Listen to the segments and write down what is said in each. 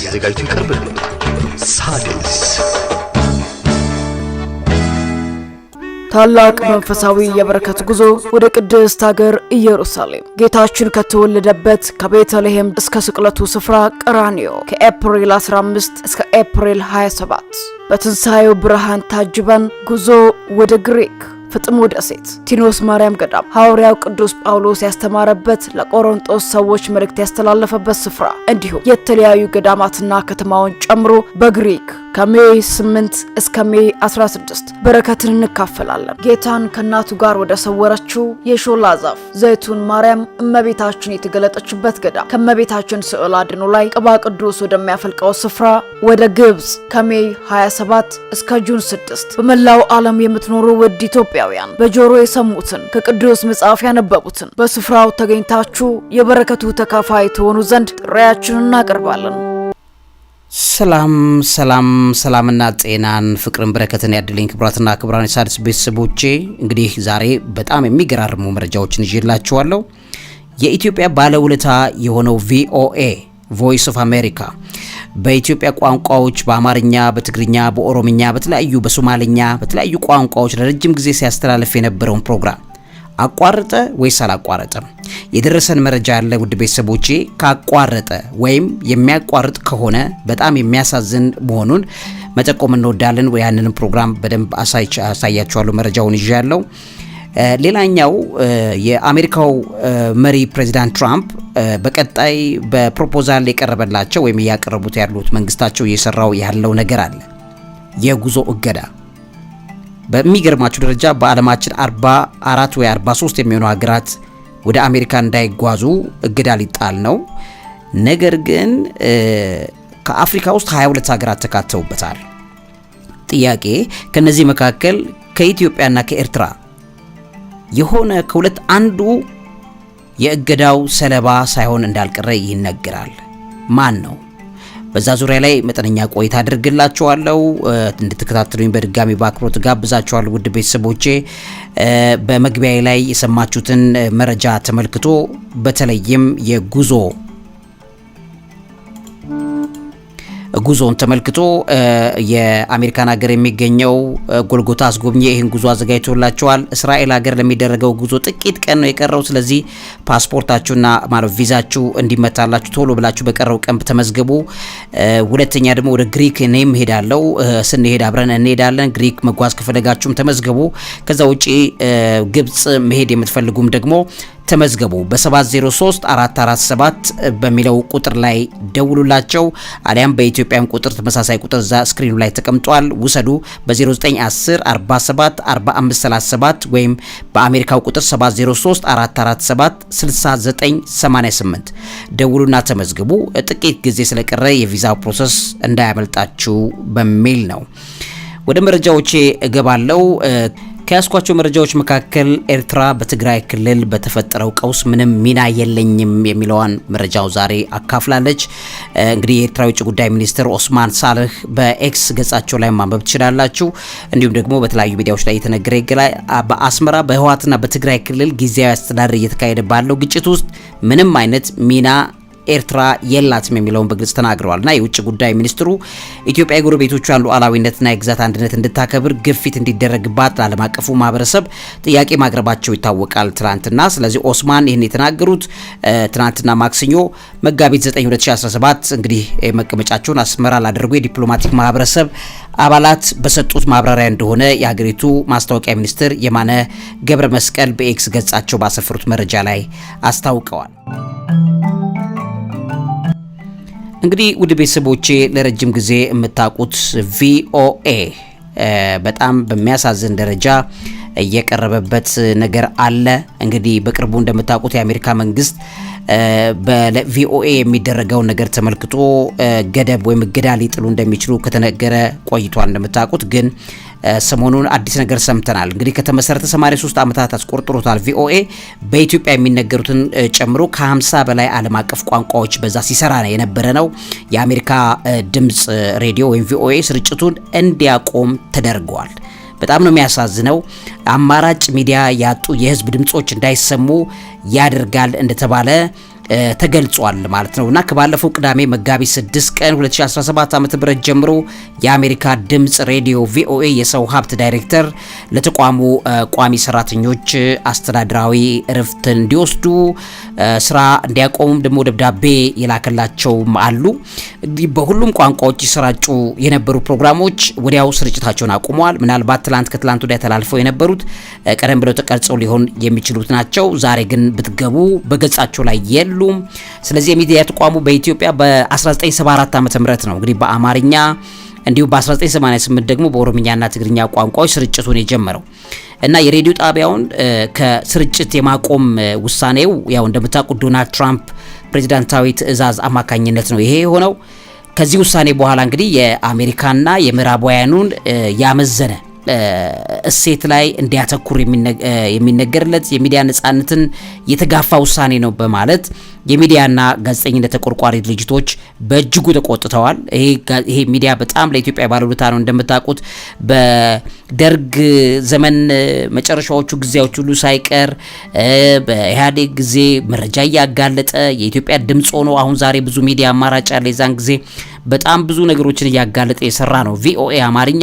ተዘጋጅቶ ይቀርብልዎታል። ሣድስ ታላቅ መንፈሳዊ የበረከት ጉዞ ወደ ቅድስት ሀገር ኢየሩሳሌም ጌታችን ከተወለደበት ከቤተልሔም እስከ ስቅለቱ ስፍራ ቀራኒዮ ከኤፕሪል 15 እስከ ኤፕሪል 27 በትንሣኤው ብርሃን ታጅበን ጉዞ ወደ ግሪክ ፍጥሞ ደሴት ቲኖስ ማርያም ገዳም ሐዋርያው ቅዱስ ጳውሎስ ያስተማረበት ለቆሮንጦስ ሰዎች መልእክት ያስተላለፈበት ስፍራ እንዲሁም የተለያዩ ገዳማትና ከተማውን ጨምሮ በግሪክ ከሜ 8 እስከ ሜ 16 በረከትን እንካፈላለን። ጌታን ከእናቱ ጋር ወደ ሰወረችው የሾላ ዛፍ ዘይቱን ማርያም እመቤታችን የተገለጠችበት ገዳም ከእመቤታችን ስዕል አድኖ ላይ ቅባ ቅዱስ ወደሚያፈልቀው ስፍራ ወደ ግብፅ ከሜ 27 እስከ ጁን 6 በመላው ዓለም የምትኖሩ ውድ ኢትዮጵያውያን በጆሮ የሰሙትን ከቅዱስ መጽሐፍ ያነበቡትን በስፍራው ተገኝታችሁ የበረከቱ ተካፋይ ትሆኑ ዘንድ ጥሪያችንን እናቀርባለን። ሰላም ሰላም ሰላምና ጤናን ፍቅርን በረከትን ያድልኝ ክብራትና ክቡራን የሣድስ ቤተሰቦቼ፣ እንግዲህ ዛሬ በጣም የሚገራርሙ መረጃዎችን ይዤላችኋለሁ። የኢትዮጵያ ባለውለታ የሆነው ቪኦኤ ቮይስ ኦፍ አሜሪካ በኢትዮጵያ ቋንቋዎች በአማርኛ፣ በትግርኛ፣ በኦሮምኛ፣ በተለያዩ በሶማልኛ፣ በተለያዩ ቋንቋዎች ለረጅም ጊዜ ሲያስተላልፍ የነበረውን ፕሮግራም አቋረጠ ወይስ አላቋረጠም? የደረሰን መረጃ ያለ ውድ ቤተሰቦቼ ካቋረጠ ወይም የሚያቋርጥ ከሆነ በጣም የሚያሳዝን መሆኑን መጠቆም እንወዳለን። ያንንም ፕሮግራም በደንብ አሳያችኋለሁ መረጃውን ይዤ ያለው። ሌላኛው የአሜሪካው መሪ ፕሬዚዳንት ትራምፕ በቀጣይ በፕሮፖዛል የቀረበላቸው ወይም እያቀረቡት ያሉት መንግስታቸው እየሰራው ያለው ነገር አለ የጉዞ እገዳ በሚገርማችሁ ደረጃ በዓለማችን 44 ወይ 43 የሚሆኑ ሀገራት ወደ አሜሪካ እንዳይጓዙ እገዳ ሊጣል ነው። ነገር ግን ከአፍሪካ ውስጥ 22 ሀገራት ተካተውበታል። ጥያቄ ከነዚህ መካከል ከኢትዮጵያና ከኤርትራ የሆነ ከሁለት አንዱ የእገዳው ሰለባ ሳይሆን እንዳልቀረ ይነገራል። ማን ነው? በዛ ዙሪያ ላይ መጠነኛ ቆይታ አድርግላችኋለሁ። እንድትከታተሉኝ በድጋሚ በአክብሮት ጋብዛችኋለሁ። ውድ ቤተሰቦቼ በመግቢያ ላይ የሰማችሁትን መረጃ ተመልክቶ በተለይም የጉዞ ጉዞውን ተመልክቶ የአሜሪካን ሀገር የሚገኘው ጎልጎታ አስጎብኚ ይህን ጉዞ አዘጋጅቶላቸዋል። እስራኤል ሀገር ለሚደረገው ጉዞ ጥቂት ቀን ነው የቀረው። ስለዚህ ፓስፖርታችሁና ማለት ቪዛችሁ እንዲመታላችሁ ቶሎ ብላችሁ በቀረው ቀን ተመዝግቡ ሁለተኛ ደግሞ ወደ ግሪክ እኔም ሄዳለው። ስንሄድ አብረን እንሄዳለን። ግሪክ መጓዝ ከፈለጋችሁም ተመዝግቡ ከዛ ውጪ ግብጽ መሄድ የምትፈልጉም ደግሞ ተመዝገቡ። በ703447 በሚለው ቁጥር ላይ ደውሉላቸው፣ አሊያም በኢትዮጵያም ቁጥር ተመሳሳይ ቁጥር እዛ ስክሪኑ ላይ ተቀምጧል። ውሰዱ። በ0910474537 ወይም በአሜሪካው ቁጥር 7034476988 ደውሉና ተመዝግቡ። ጥቂት ጊዜ ስለቀረ የቪዛ ፕሮሰስ እንዳያመልጣችሁ በሚል ነው። ወደ መረጃዎቼ እገባለው። ከያስኳቸው መረጃዎች መካከል ኤርትራ በትግራይ ክልል በተፈጠረው ቀውስ ምንም ሚና የለኝም የሚለዋን መረጃው ዛሬ አካፍላለች። እንግዲህ የኤርትራ የውጭ ጉዳይ ሚኒስትር ኦስማን ሳልህ በኤክስ ገጻቸው ላይ ማንበብ ትችላላችሁ። እንዲሁም ደግሞ በተለያዩ ሚዲያዎች ላይ የተነገረ ይገላል። በአስመራ በህወሓትና በትግራይ ክልል ጊዜያዊ አስተዳደር እየተካሄደ ባለው ግጭት ውስጥ ምንም አይነት ሚና ኤርትራ የላትም የሚለውን በግልጽ ተናግረዋል እና የውጭ ጉዳይ ሚኒስትሩ ኢትዮጵያ የጎረቤቶቿን ሉዓላዊነትና የግዛት አንድነት እንድታከብር ግፊት እንዲደረግባት ለዓለም አቀፉ ማህበረሰብ ጥያቄ ማቅረባቸው ይታወቃል። ትናንትና ስለዚህ ኦስማን ይህን የተናገሩት ትናንትና ማክሰኞ መጋቢት 9 2017 እንግዲህ መቀመጫቸውን አስመራ ላደረጉ የዲፕሎማቲክ ማህበረሰብ አባላት በሰጡት ማብራሪያ እንደሆነ የሀገሪቱ ማስታወቂያ ሚኒስትር የማነ ገብረ መስቀል በኤክስ ገጻቸው ባሰፈሩት መረጃ ላይ አስታውቀዋል። እንግዲህ ውድ ቤተሰቦቼ ለረጅም ጊዜ የምታውቁት ቪኦኤ በጣም በሚያሳዝን ደረጃ እየቀረበበት ነገር አለ። እንግዲህ በቅርቡ እንደምታውቁት የአሜሪካ መንግስት በቪኦኤ የሚደረገውን ነገር ተመልክቶ ገደብ ወይም እገዳ ሊጥሉ እንደሚችሉ ከተነገረ ቆይቷል። እንደምታውቁት ግን ሰሞኑን አዲስ ነገር ሰምተናል። እንግዲህ ከተመሰረተ 83 ዓመታት አስቆርጥሮታል። ቪኦኤ በኢትዮጵያ የሚነገሩትን ጨምሮ ከ50 በላይ ዓለም አቀፍ ቋንቋዎች በዛ ሲሰራ የነበረ ነው። የአሜሪካ ድምፅ ሬዲዮ ወይም ቪኦኤ ስርጭቱን እንዲያቆም ተደርገዋል። በጣም ነው የሚያሳዝነው። አማራጭ ሚዲያ ያጡ የህዝብ ድምጾች እንዳይሰሙ ያደርጋል እንደተባለ ተገልጿል ማለት ነው እና ከባለፈው ቅዳሜ መጋቢት 6 ቀን 2017 ዓ.ም ጀምሮ የአሜሪካ ድምፅ ሬዲዮ ቪኦኤ የሰው ሀብት ዳይሬክተር ለተቋሙ ቋሚ ሰራተኞች አስተዳድራዊ እርፍት እንዲወስዱ ስራ እንዲያቆሙም ደግሞ ደብዳቤ የላከላቸውም አሉ። በሁሉም ቋንቋዎች ይሰራጩ የነበሩ ፕሮግራሞች ወዲያው ስርጭታቸውን አቁመዋል። ምናልባት ትላንት ከትላንት ወዲያ ተላልፈው የነበሩት ቀደም ብለው ተቀርጸው ሊሆን የሚችሉት ናቸው። ዛሬ ግን ብትገቡ በገጻቸው ላይ የሉ አይደሉም። ስለዚህ የሚዲያ ተቋሙ በኢትዮጵያ በ1974 ዓ.ም ነው እንግዲህ በአማርኛ እንዲሁም በ1988 ደግሞ በኦሮምኛና ትግርኛ ቋንቋዎች ስርጭቱን የጀመረው እና የሬዲዮ ጣቢያውን ከስርጭት የማቆም ውሳኔው ያው እንደምታውቁት ዶናልድ ትራምፕ ፕሬዚዳንታዊ ትዕዛዝ አማካኝነት ነው ይሄ የሆነው። ከዚህ ውሳኔ በኋላ እንግዲህ የአሜሪካና የምዕራባውያኑን ያመዘነ እሴት ላይ እንዲያተኩር የሚነገርለት የሚዲያ ነጻነትን የተጋፋ ውሳኔ ነው በማለት የሚዲያና ጋዜጠኝነት ተቆርቋሪ ድርጅቶች በእጅጉ ተቆጥተዋል። ይሄ ሚዲያ በጣም ለኢትዮጵያ ባለውለታ ነው። እንደምታውቁት በደርግ ዘመን መጨረሻዎቹ ጊዜያዎች ሁሉ ሳይቀር በኢህአዴግ ጊዜ መረጃ እያጋለጠ የኢትዮጵያ ድምፅ ሆኖ አሁን ዛሬ ብዙ ሚዲያ አማራጭ ያለ የዛን ጊዜ በጣም ብዙ ነገሮችን እያጋለጠ የሰራ ነው። ቪኦኤ አማርኛ፣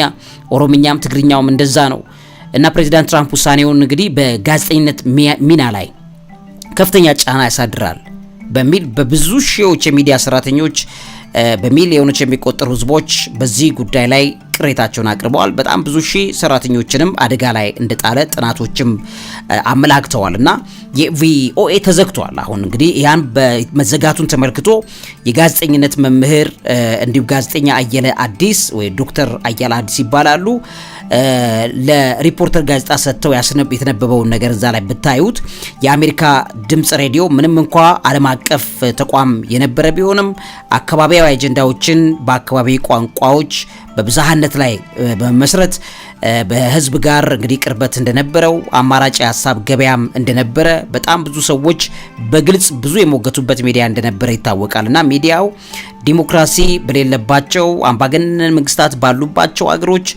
ኦሮምኛም ትግርኛውም እንደዛ ነው እና ፕሬዚዳንት ትራምፕ ውሳኔውን እንግዲህ በጋዜጠኝነት ሚና ላይ ከፍተኛ ጫና ያሳድራል በሚል በብዙ ሺዎች የሚዲያ ሰራተኞች በሚሊዮኖች የሚቆጠሩ ህዝቦች በዚህ ጉዳይ ላይ ቅሬታቸውን አቅርበዋል። በጣም ብዙ ሺህ ሰራተኞችንም አደጋ ላይ እንደጣለ ጥናቶችም አመላክተዋል እና የቪኦኤ ተዘግቷል። አሁን እንግዲህ ያን መዘጋቱን ተመልክቶ የጋዜጠኝነት መምህር እንዲሁም ጋዜጠኛ አየለ አዲስ ወይ ዶክተር አየለ አዲስ ይባላሉ ለሪፖርተር ጋዜጣ ሰጥተው ያስነብ የተነበበውን ነገር እዛ ላይ ብታዩት የአሜሪካ ድምፅ ሬዲዮ ምንም እንኳ ዓለም አቀፍ ተቋም የነበረ ቢሆንም አካባቢያዊ አጀንዳዎችን በአካባቢ ቋንቋዎች በብዝሃነት ላይ በመመስረት በህዝብ ጋር እንግዲህ ቅርበት እንደነበረው አማራጭ የሀሳብ ገበያም እንደነበረ በጣም ብዙ ሰዎች በግልጽ ብዙ የሞገቱበት ሚዲያ እንደነበረ ይታወቃል። እና ሚዲያው ዲሞክራሲ በሌለባቸው አምባገነን መንግስታት ባሉባቸው አገሮች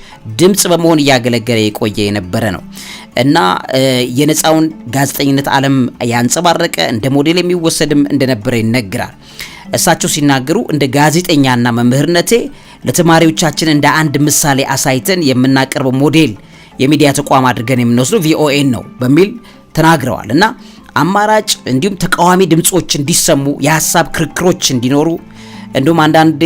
ድምጽ በመሆን እያገለገለ የቆየ የነበረ ነው እና የነፃውን ጋዜጠኝነት ዓለም ያንጸባረቀ እንደ ሞዴል የሚወሰድም እንደነበረ ይነግራል። እሳቸው ሲናገሩ እንደ ጋዜጠኛና መምህርነቴ ለተማሪዎቻችን እንደ አንድ ምሳሌ አሳይተን የምናቀርበው ሞዴል የሚዲያ ተቋም አድርገን የምንወስደው ቪኦኤን ነው በሚል ተናግረዋል እና አማራጭ እንዲሁም ተቃዋሚ ድምፆች እንዲሰሙ የሀሳብ ክርክሮች እንዲኖሩ እንዲሁም አንዳንዴ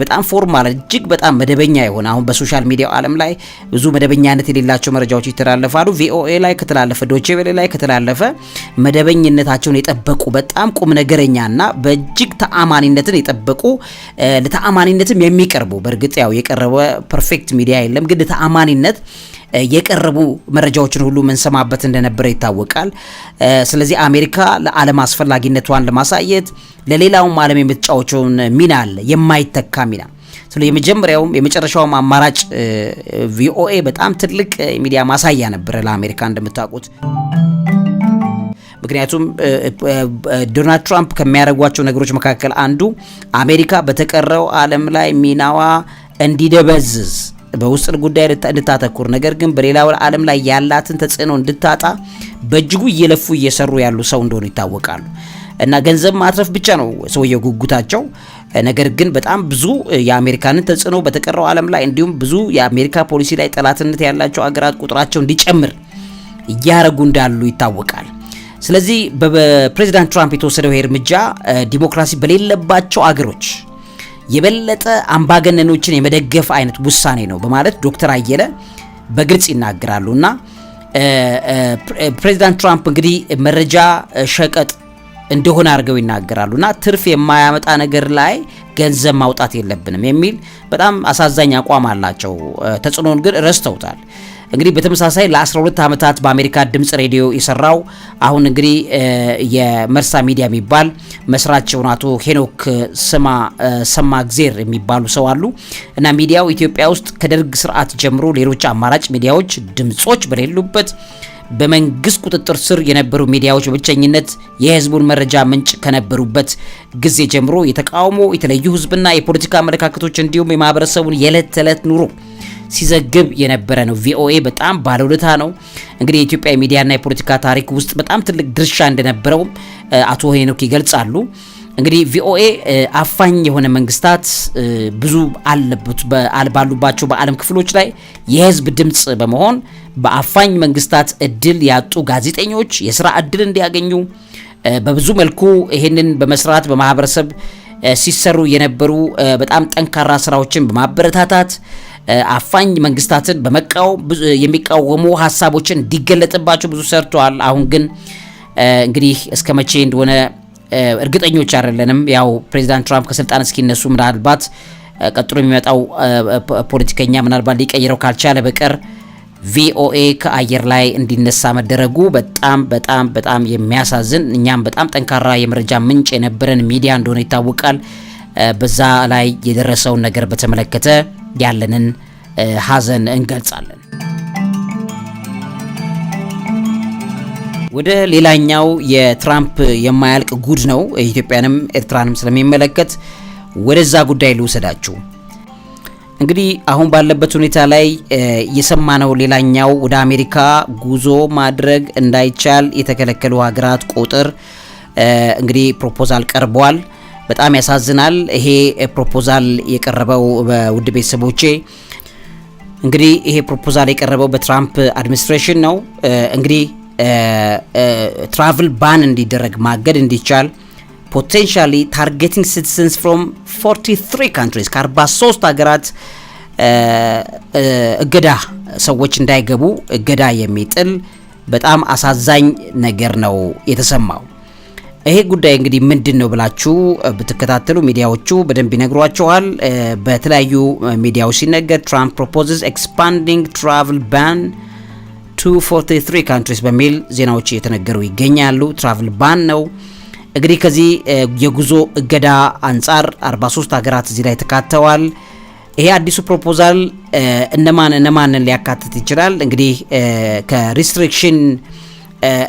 በጣም ፎርማል እጅግ በጣም መደበኛ የሆነ አሁን በሶሻል ሚዲያው ዓለም ላይ ብዙ መደበኛነት የሌላቸው መረጃዎች ይተላለፋሉ። ቪኦኤ ላይ ከተላለፈ፣ ዶቼቬሌ ላይ ከተላለፈ መደበኝነታቸውን የጠበቁ በጣም ቁም ነገረኛና በእጅግ ተአማኒነትን የጠበቁ ለተአማኒነትም የሚቀርቡ በእርግጥ ያው የቀረበ ፐርፌክት ሚዲያ የለም፣ ግን ለተአማኒነት የቀረቡ መረጃዎችን ሁሉ ምንሰማበት እንደነበረ ይታወቃል። ስለዚህ አሜሪካ ለዓለም አስፈላጊነቷን ለማሳየት ለሌላውም ዓለም የምትጫወቸውን ሚና አለ፣ የማይተካ ሚና ስለዚህ የመጀመሪያውም የመጨረሻውም አማራጭ ቪኦኤ በጣም ትልቅ ሚዲያ ማሳያ ነበረ ለአሜሪካ እንደምታውቁት። ምክንያቱም ዶናልድ ትራምፕ ከሚያደርጓቸው ነገሮች መካከል አንዱ አሜሪካ በተቀረው ዓለም ላይ ሚናዋ እንዲደበዝዝ በውስጥ ጉዳይ እንድታተኩር ነገር ግን በሌላው ዓለም ላይ ያላትን ተጽዕኖ እንድታጣ በእጅጉ እየለፉ እየሰሩ ያሉ ሰው እንደሆኑ ይታወቃሉ። እና ገንዘብ ማትረፍ ብቻ ነው ሰውየው ጉጉታቸው። ነገር ግን በጣም ብዙ የአሜሪካንን ተጽዕኖ በተቀረው ዓለም ላይ እንዲሁም ብዙ የአሜሪካ ፖሊሲ ላይ ጠላትነት ያላቸው አገራት ቁጥራቸው እንዲጨምር እያረጉ እንዳሉ ይታወቃል። ስለዚህ በፕሬዚዳንት ትራምፕ የተወሰደው ይሄ እርምጃ ዲሞክራሲ በሌለባቸው አገሮች የበለጠ አምባገነኖችን የመደገፍ አይነት ውሳኔ ነው በማለት ዶክተር አየለ በግልጽ ይናገራሉ። እና ፕሬዚዳንት ትራምፕ እንግዲህ መረጃ ሸቀጥ እንደሆነ አድርገው ይናገራሉ። እና ትርፍ የማያመጣ ነገር ላይ ገንዘብ ማውጣት የለብንም የሚል በጣም አሳዛኝ አቋም አላቸው። ተጽዕኖውን ግን ረስተውታል። እንግዲህ በተመሳሳይ ለ12 ዓመታት በአሜሪካ ድምፅ ሬዲዮ የሰራው አሁን እንግዲህ የመርሳ ሚዲያ የሚባል መስራች የሆኑ አቶ ሄኖክ ስማ ሰማ ግዜር የሚባሉ ሰው አሉ እና ሚዲያው ኢትዮጵያ ውስጥ ከደርግ ስርዓት ጀምሮ ሌሎች አማራጭ ሚዲያዎች ድምጾች በሌሉበት በመንግስት ቁጥጥር ስር የነበሩ ሚዲያዎች በብቸኝነት የህዝቡን መረጃ ምንጭ ከነበሩበት ጊዜ ጀምሮ የተቃውሞ የተለዩ ህዝብና የፖለቲካ አመለካከቶች እንዲሁም የማህበረሰቡን የዕለት ተዕለት ኑሮ ሲዘግብ የነበረ ነው። ቪኦኤ በጣም ባለውለታ ነው። እንግዲህ የኢትዮጵያ ሚዲያና የፖለቲካ ታሪክ ውስጥ በጣም ትልቅ ድርሻ እንደነበረውም አቶ ሄኖክ ይገልጻሉ። እንግዲህ ቪኦኤ አፋኝ የሆነ መንግስታት ብዙ አለበት ባሉባቸው በዓለም ክፍሎች ላይ የህዝብ ድምፅ በመሆን በአፋኝ መንግስታት እድል ያጡ ጋዜጠኞች የስራ እድል እንዲያገኙ በብዙ መልኩ ይህንን በመስራት በማህበረሰብ ሲሰሩ የነበሩ በጣም ጠንካራ ስራዎችን በማበረታታት አፋኝ መንግስታትን በመቃወም የሚቃወሙ ሀሳቦችን እንዲገለጥባቸው ብዙ ሰርተዋል። አሁን ግን እንግዲህ እስከ መቼ እንደሆነ እርግጠኞች አይደለንም። ያው ፕሬዚዳንት ትራምፕ ከስልጣን እስኪነሱ ምናልባት ቀጥሎ የሚመጣው ፖለቲከኛ ምናልባት ሊቀይረው ካልቻለ በቀር ቪኦኤ ከአየር ላይ እንዲነሳ መደረጉ በጣም በጣም በጣም የሚያሳዝን እኛም በጣም ጠንካራ የመረጃ ምንጭ የነበረን ሚዲያ እንደሆነ ይታወቃል። በዛ ላይ የደረሰውን ነገር በተመለከተ ያለንን ሀዘን እንገልጻለን። ወደ ሌላኛው የትራምፕ የማያልቅ ጉድ ነው፣ ኢትዮጵያንም ኤርትራንም ስለሚመለከት ወደዛ ጉዳይ ልውሰዳችሁ። እንግዲህ አሁን ባለበት ሁኔታ ላይ የሰማነው ሌላኛው ወደ አሜሪካ ጉዞ ማድረግ እንዳይቻል የተከለከሉ ሀገራት ቁጥር እንግዲህ ፕሮፖዛል ቀርቧል። በጣም ያሳዝናል። ይሄ ፕሮፖዛል የቀረበው በውድ ቤተሰቦቼ እንግዲህ ይሄ ፕሮፖዛል የቀረበው በትራምፕ አድሚኒስትሬሽን ነው። እንግዲህ ትራቭል ባን እንዲደረግ ማገድ እንዲቻል ፖቴንሻሊ ታርጌቲንግ ሲቲዝንስ ፍሮም 43 ካንትሪስ ከ43 ሀገራት እገዳ ሰዎች እንዳይገቡ እገዳ የሚጥል በጣም አሳዛኝ ነገር ነው የተሰማው። ይሄ ጉዳይ እንግዲህ ምንድን ነው ብላችሁ ብትከታተሉ ሚዲያዎቹ በደንብ ይነግሯቸዋል። በተለያዩ ሚዲያዎች ሲነገር ትራምፕ ፕሮፖዝስ ኤክስፓንዲንግ ትራቭል ባን ቱ 43 ካንትሪስ በሚል ዜናዎች እየተነገሩ ይገኛሉ። ትራቭል ባን ነው እንግዲህ ከዚህ የጉዞ እገዳ አንጻር 43 ሀገራት እዚህ ላይ ተካተዋል። ይሄ አዲሱ ፕሮፖዛል እነማን እነማንን ሊያካትት ይችላል? እንግዲህ ከሪስትሪክሽን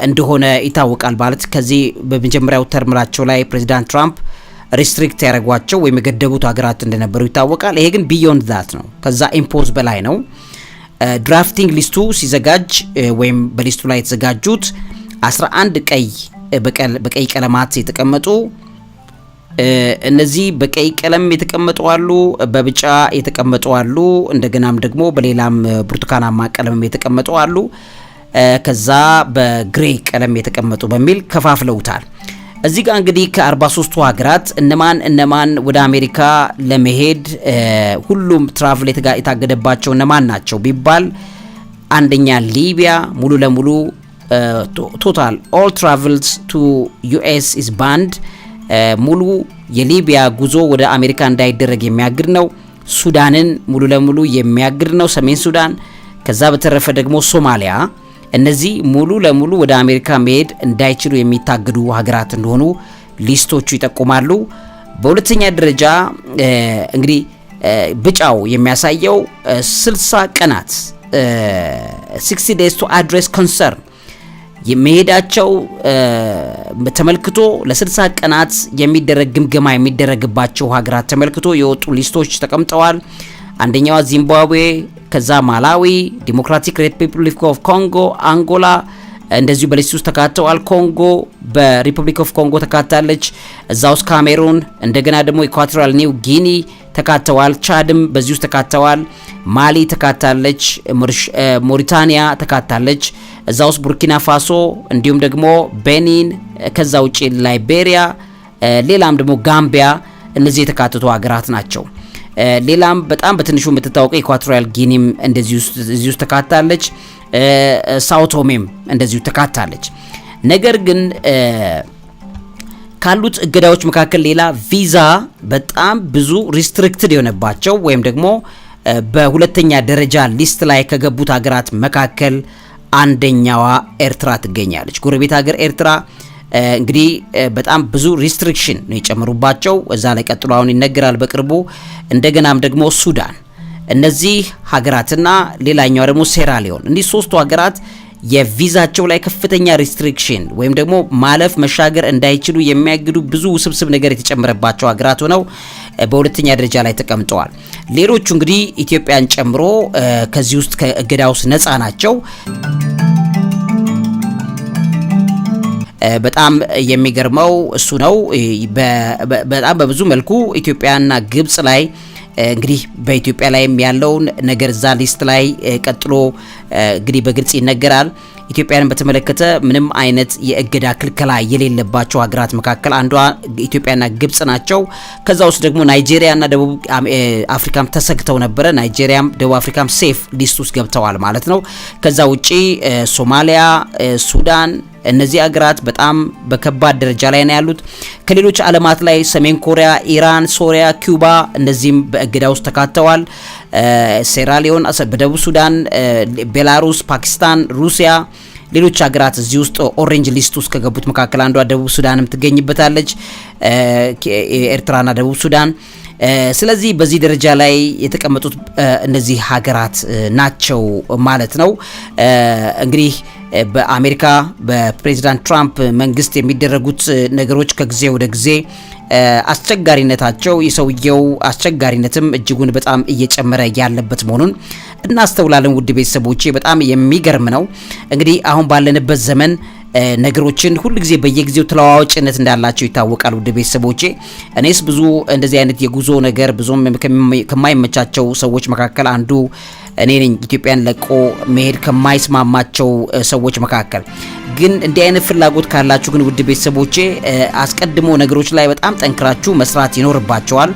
እንደሆነ ይታወቃል። ማለት ከዚህ በመጀመሪያው ተርምላቸው ላይ ፕሬዚዳንት ትራምፕ ሪስትሪክት ያደረጓቸው ወይም የገደቡት ሀገራት እንደነበሩ ይታወቃል። ይሄ ግን ቢዮንድ ዛት ነው፣ ከዛ ኢምፖዝ በላይ ነው። ድራፍቲንግ ሊስቱ ሲዘጋጅ ወይም በሊስቱ ላይ የተዘጋጁት 11 ቀይ በቀይ ቀለማት የተቀመጡ እነዚህ በቀይ ቀለም የተቀመጡ አሉ፣ በብጫ የተቀመጡ አሉ፣ እንደገናም ደግሞ በሌላም ብርቱካናማ ቀለም የተቀመጡ አሉ። ከዛ በግሬ ቀለም የተቀመጡ በሚል ከፋፍለውታል። እዚህ ጋር እንግዲህ ከ43ቱ ሀገራት እነማን እነማን ወደ አሜሪካ ለመሄድ ሁሉም ትራቭል የታገደባቸው እነማን ናቸው ቢባል አንደኛ ሊቢያ ሙሉ ለሙሉ ቶታል ኦል ትራቭልስ ቱ ዩኤስ ኢዝ ባንድ ሙሉ የሊቢያ ጉዞ ወደ አሜሪካ እንዳይደረግ የሚያግድ ነው። ሱዳንን ሙሉ ለሙሉ የሚያግድ ነው፣ ሰሜን ሱዳን። ከዛ በተረፈ ደግሞ ሶማሊያ እነዚህ ሙሉ ለሙሉ ወደ አሜሪካ መሄድ እንዳይችሉ የሚታገዱ ሀገራት እንደሆኑ ሊስቶቹ ይጠቁማሉ። በሁለተኛ ደረጃ እንግዲህ ብጫው የሚያሳየው 60 ቀናት 60 days to address concern የመሄዳቸው ተመልክቶ ለ60 ቀናት የሚደረግ ግምገማ የሚደረግባቸው ሀገራት ተመልክቶ የወጡ ሊስቶች ተቀምጠዋል። አንደኛዋ ዚምባብዌ፣ ከዛ ማላዊ፣ ዲሞክራቲክ ሪፐብሊክ ኦፍ ኮንጎ፣ አንጎላ እንደዚሁ በሊስት ውስጥ ተካተዋል። ኮንጎ በሪፐብሊክ ኦፍ ኮንጎ ተካታለች። እዛ ውስጥ ካሜሩን፣ እንደገና ደግሞ ኢኳቶሪያል ኒው ጊኒ ተካተዋል። ቻድም በዚህ ውስጥ ተካተዋል። ማሊ ተካታለች። ሞሪታኒያ ተካታለች። እዛ ውስጥ ቡርኪና ፋሶ እንዲሁም ደግሞ ቤኒን፣ ከዛ ውጪ ላይቤሪያ፣ ሌላም ደግሞ ጋምቢያ እነዚህ የተካተቱ ሀገራት ናቸው። ሌላም በጣም በትንሹ የምትታወቀው ኢኳቶሪያል ጊኒም እንደዚህ እዚህ ውስጥ ተካታለች። ሳውቶሜም እንደዚሁ ተካታለች። ነገር ግን ካሉት እገዳዎች መካከል ሌላ ቪዛ በጣም ብዙ ሪስትሪክትድ የሆነባቸው ወይም ደግሞ በሁለተኛ ደረጃ ሊስት ላይ ከገቡት ሀገራት መካከል አንደኛዋ ኤርትራ ትገኛለች። ጎረቤት ሀገር ኤርትራ እንግዲህ በጣም ብዙ ሪስትሪክሽን ነው የጨመሩባቸው። እዛ ላይ ቀጥሎ አሁን ይነገራል በቅርቡ። እንደገናም ደግሞ ሱዳን፣ እነዚህ ሀገራትና ሌላኛዋ ደግሞ ሴራሊዮን እንዲህ ሶስቱ ሀገራት የቪዛቸው ላይ ከፍተኛ ሪስትሪክሽን ወይም ደግሞ ማለፍ መሻገር እንዳይችሉ የሚያግዱ ብዙ ውስብስብ ነገር የተጨመረባቸው ሀገራት ሆነው በሁለተኛ ደረጃ ላይ ተቀምጠዋል። ሌሎቹ እንግዲህ ኢትዮጵያን ጨምሮ ከዚህ ውስጥ ከእገዳ ውስጥ ነፃ ናቸው። በጣም የሚገርመው እሱ ነው። በጣም በብዙ መልኩ ኢትዮጵያና ግብጽ ላይ እንግዲህ በኢትዮጵያ ላይም ያለውን ነገር እዛ ሊስት ላይ ቀጥሎ እንግዲህ በግልጽ ይነገራል። ኢትዮጵያን በተመለከተ ምንም አይነት የእገዳ ክልከላ የሌለባቸው ሀገራት መካከል አንዷ ኢትዮጵያና ግብጽ ናቸው። ከዛ ውስጥ ደግሞ ናይጄሪያና ደቡብ አፍሪካም ተሰግተው ነበረ። ናይጄሪያም ደቡብ አፍሪካም ሴፍ ሊስት ውስጥ ገብተዋል ማለት ነው። ከዛ ውጪ ሶማሊያ፣ ሱዳን እነዚህ አገራት በጣም በከባድ ደረጃ ላይ ነው ያሉት። ከሌሎች አለማት ላይ ሰሜን ኮሪያ፣ ኢራን፣ ሶሪያ፣ ኩባ እነዚህም በእገዳ ውስጥ ተካተዋል። ሴራሊዮን፣ በደቡብ ሱዳን፣ ቤላሩስ፣ ፓኪስታን፣ ሩሲያ ሌሎች ሀገራት እዚህ ውስጥ ኦሬንጅ ሊስት ውስጥ ከገቡት መካከል አንዷ ደቡብ ሱዳንም ትገኝበታለች። ኤርትራና ደቡብ ሱዳን ስለዚህ በዚህ ደረጃ ላይ የተቀመጡት እነዚህ ሀገራት ናቸው ማለት ነው። እንግዲህ በአሜሪካ በፕሬዚዳንት ትራምፕ መንግስት የሚደረጉት ነገሮች ከጊዜ ወደ ጊዜ አስቸጋሪነታቸው የሰውየው አስቸጋሪነትም እጅጉን በጣም እየጨመረ ያለበት መሆኑን እናስተውላለን። ውድ ቤተሰቦቼ በጣም የሚገርም ነው። እንግዲህ አሁን ባለንበት ዘመን ነገሮችን ጊዜ በየጊዜው ተለዋዋጭነት እንዳላቸው ይታወቃል። ውድ ቤተሰቦቼ እኔስ ብዙ እንደዚህ አይነት የጉዞ ነገር ብዙም ከማይመቻቸው ሰዎች መካከል አንዱ እኔ ነኝ። ኢትዮጵያን ለቆ መሄድ ከማይስማማቸው ሰዎች መካከል ግን እንዲህ አይነት ፍላጎት ካላችሁ ግን ውድ ቤተሰቦቼ አስቀድሞ ነገሮች ላይ በጣም ጠንክራችሁ መስራት ይኖርባቸዋል።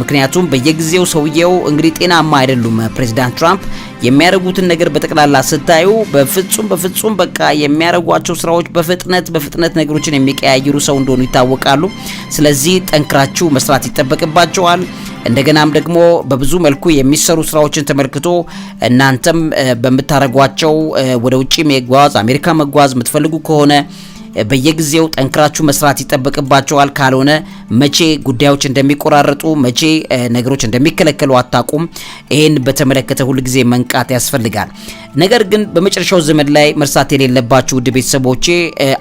ምክንያቱም በየጊዜው ሰውየው እንግዲህ ጤናማ አይደሉም። ፕሬዚዳንት ትራምፕ የሚያደርጉትን ነገር በጠቅላላ ስታዩ በፍጹም በፍጹም በቃ የሚያደርጓቸው ስራዎች በፍጥነት በፍጥነት ነገሮችን የሚቀያይሩ ሰው እንደሆኑ ይታወቃሉ። ስለዚህ ጠንክራችሁ መስራት ይጠበቅባቸዋል። እንደገናም ደግሞ በብዙ መልኩ የሚሰሩ ስራዎችን ተመልክቶ እናንተም በምታደርጓቸው ወደ ውጭ መጓዝ አሜሪካ መጓዝ የምትፈልጉ ከሆነ በየጊዜው ጠንክራችሁ መስራት ይጠበቅባቸዋል። ካልሆነ መቼ ጉዳዮች እንደሚቆራረጡ መቼ ነገሮች እንደሚከለከሉ አታቁም። ይህን በተመለከተ ሁልጊዜ መንቃት ያስፈልጋል። ነገር ግን በመጨረሻው ዘመን ላይ መርሳት የሌለባችሁ ውድ ቤተሰቦቼ፣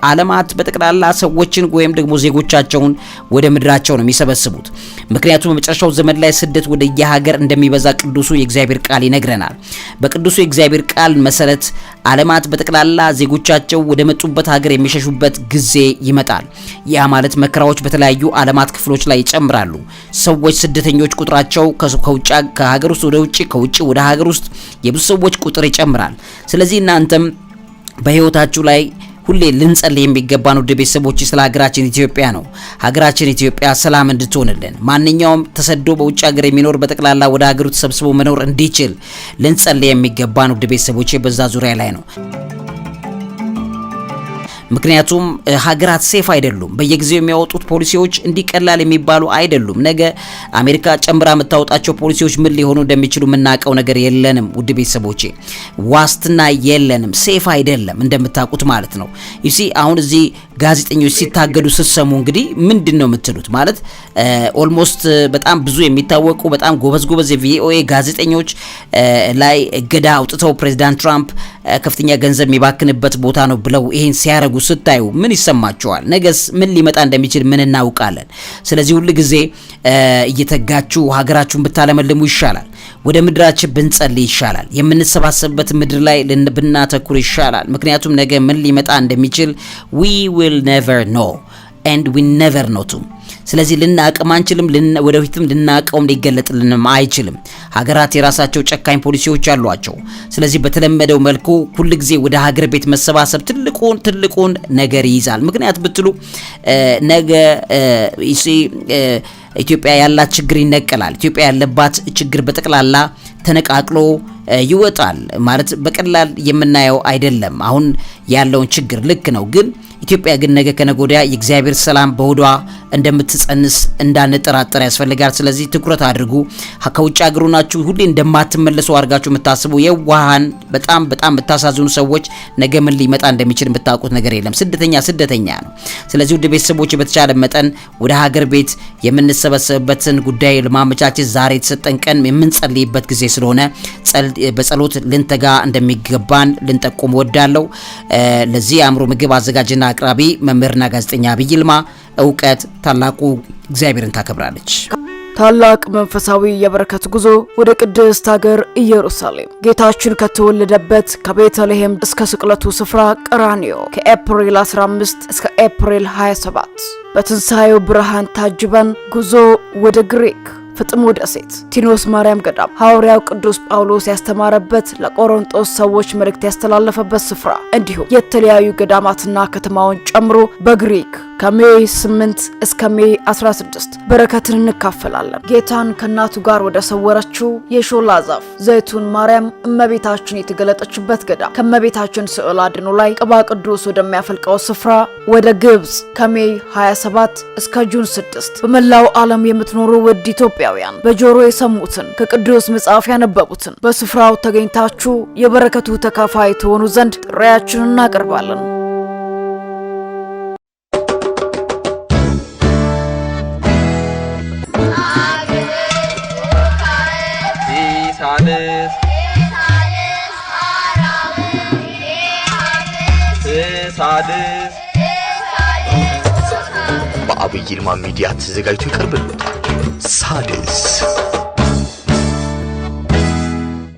አለማት በጠቅላላ ሰዎችን ወይም ደግሞ ዜጎቻቸውን ወደ ምድራቸው ነው የሚሰበስቡት። ምክንያቱም በመጨረሻው ዘመን ላይ ስደት ወደ የሀገር እንደሚበዛ ቅዱሱ የእግዚአብሔር ቃል ይነግረናል። በቅዱሱ የእግዚአብሔር ቃል መሰረት አለማት በጠቅላላ ዜጎቻቸው ወደ መጡበት ሀገር የሚሸሹበት የሚያዩበት ጊዜ ይመጣል። ያ ማለት መከራዎች በተለያዩ ዓለማት ክፍሎች ላይ ይጨምራሉ። ሰዎች ስደተኞች ቁጥራቸው ከውጭ ከሀገር ውስጥ ወደ ውጭ ከውጭ ወደ ሀገር ውስጥ የብዙ ሰዎች ቁጥር ይጨምራል። ስለዚህ እናንተም በህይወታችሁ ላይ ሁሌ ልንጸልይ የሚገባን ውድ ቤተሰቦች ስለ ሀገራችን ኢትዮጵያ ነው። ሀገራችን ኢትዮጵያ ሰላም እንድትሆንልን ማንኛውም ተሰዶ በውጭ ሀገር የሚኖር በጠቅላላ ወደ ሀገሩ ተሰብስቦ መኖር እንዲችል ልንጸልይ የሚገባን ውድ ቤተሰቦች በዛ ዙሪያ ላይ ነው። ምክንያቱም ሀገራት ሴፍ አይደሉም። በየጊዜው የሚያወጡት ፖሊሲዎች እንዲህ ቀላል የሚባሉ አይደሉም። ነገ አሜሪካ ጨምራ የምታወጣቸው ፖሊሲዎች ምን ሊሆኑ እንደሚችሉ የምናውቀው ነገር የለንም። ውድ ቤተሰቦቼ ዋስትና የለንም። ሴፍ አይደለም እንደምታውቁት ማለት ነው። ዩሲ አሁን እዚህ ጋዜጠኞች ሲታገዱ ስትሰሙ እንግዲህ ምንድን ነው የምትሉት? ማለት ኦልሞስት በጣም ብዙ የሚታወቁ በጣም ጎበዝ ጎበዝ የቪኦኤ ጋዜጠኞች ላይ እገዳ አውጥተው ፕሬዚዳንት ትራምፕ ከፍተኛ ገንዘብ የሚባክንበት ቦታ ነው ብለው ይሄን ሲያደርጉ ስታዩ ምን ይሰማቸዋል? ነገስ ምን ሊመጣ እንደሚችል ምን እናውቃለን? ስለዚህ ሁል ጊዜ እየተጋችሁ ሀገራችሁን ብታለመልሙ ይሻላል። ወደ ምድራችን ብንጸልይ ይሻላል። የምንሰባሰብበት ምድር ላይ ብናተኩር ይሻላል። ምክንያቱም ነገ ምን ሊመጣ እንደሚችል ዊ ዊል ነቨር ኖ ኤንድ ዊ ነቨር ኖ ስለዚህ ልናቅም አንችልም። ወደፊትም ልናቀውም ሊገለጥልንም አይችልም። ሀገራት የራሳቸው ጨካኝ ፖሊሲዎች አሏቸው። ስለዚህ በተለመደው መልኩ ጊዜ ወደ ሀገር ቤት መሰባሰብ ትልቁን ትልቁን ነገር ይይዛል። ምክንያት ብትሉ ነገ ኢትዮጵያ ያላት ችግር ይነቀላል። ኢትዮጵያ ያለባት ችግር በጠቅላላ ተነቃቅሎ ይወጣል ማለት በቀላል የምናየው አይደለም። አሁን ያለውን ችግር ልክ ነው፣ ግን ኢትዮጵያ ግን ነገ ከነገ ወዲያ የእግዚአብሔር ሰላም በሆዷ እንደምትጸንስ እንዳንጠራጠር ያስፈልጋል። ስለዚህ ትኩረት አድርጉ። ከውጭ ሀገሩ ናችሁ ሁሌ እንደማትመለሱ አድርጋችሁ የምታስቡ የዋሃን በጣም በጣም የምታሳዝኑ ሰዎች ነገ ምን ሊመጣ እንደሚችል የምታውቁት ነገር የለም። ስደተኛ ስደተኛ ነው። ስለዚህ ውድ ቤተሰቦች በተቻለ መጠን ወደ ሀገር ቤት የምንሰበሰብበትን ጉዳይ ለማመቻቸት ዛሬ የተሰጠን ቀን የምንጸልይበት ጊዜ ስለሆነ ጸል በጸሎት ልንተጋ እንደሚገባን ልንጠቁም ወዳለው። ለዚህ የአእምሮ ምግብ አዘጋጅና አቅራቢ መምህርና ጋዜጠኛ ዐቢይ ይልማ። እውቀት ታላቁ እግዚአብሔርን ታከብራለች። ታላቅ መንፈሳዊ የበረከት ጉዞ ወደ ቅድስት ሀገር ኢየሩሳሌም ጌታችን ከተወለደበት ከቤተልሔም እስከ ስቅለቱ ስፍራ ቀራንዮ ከኤፕሪል 15 እስከ ኤፕሪል 27 በትንሣኤው ብርሃን ታጅበን ጉዞ ወደ ግሪክ ፍጥሞ ደሴት ቲኖስ ማርያም ገዳም ሐዋርያው ቅዱስ ጳውሎስ ያስተማረበት ለቆሮንጦስ ሰዎች መልእክት ያስተላለፈበት ስፍራ እንዲሁም የተለያዩ ገዳማትና ከተማውን ጨምሮ በግሪክ ከሜ 8 እስከ ሜ 16 በረከትን እንካፈላለን። ጌታን ከእናቱ ጋር ወደ ሰወረችው የሾላ ዛፍ ዘይቱን ማርያም እመቤታችን የተገለጠችበት ገዳም ከእመቤታችን ስዕል አድኖ ላይ ቅባ ቅዱስ ወደሚያፈልቀው ስፍራ ወደ ግብፅ ከሜ 27 እስከ ጁን 6 በመላው ዓለም የምትኖሩ ውድ ኢትዮጵያውያን በጆሮ የሰሙትን ከቅዱስ መጽሐፍ ያነበቡትን በስፍራው ተገኝታችሁ የበረከቱ ተካፋይ ትሆኑ ዘንድ ጥሪያችንን እናቀርባለን። በዓብይ ይልማ ሚዲያ ተዘጋጅቶ ይቀርብልዎታል። ሣድስ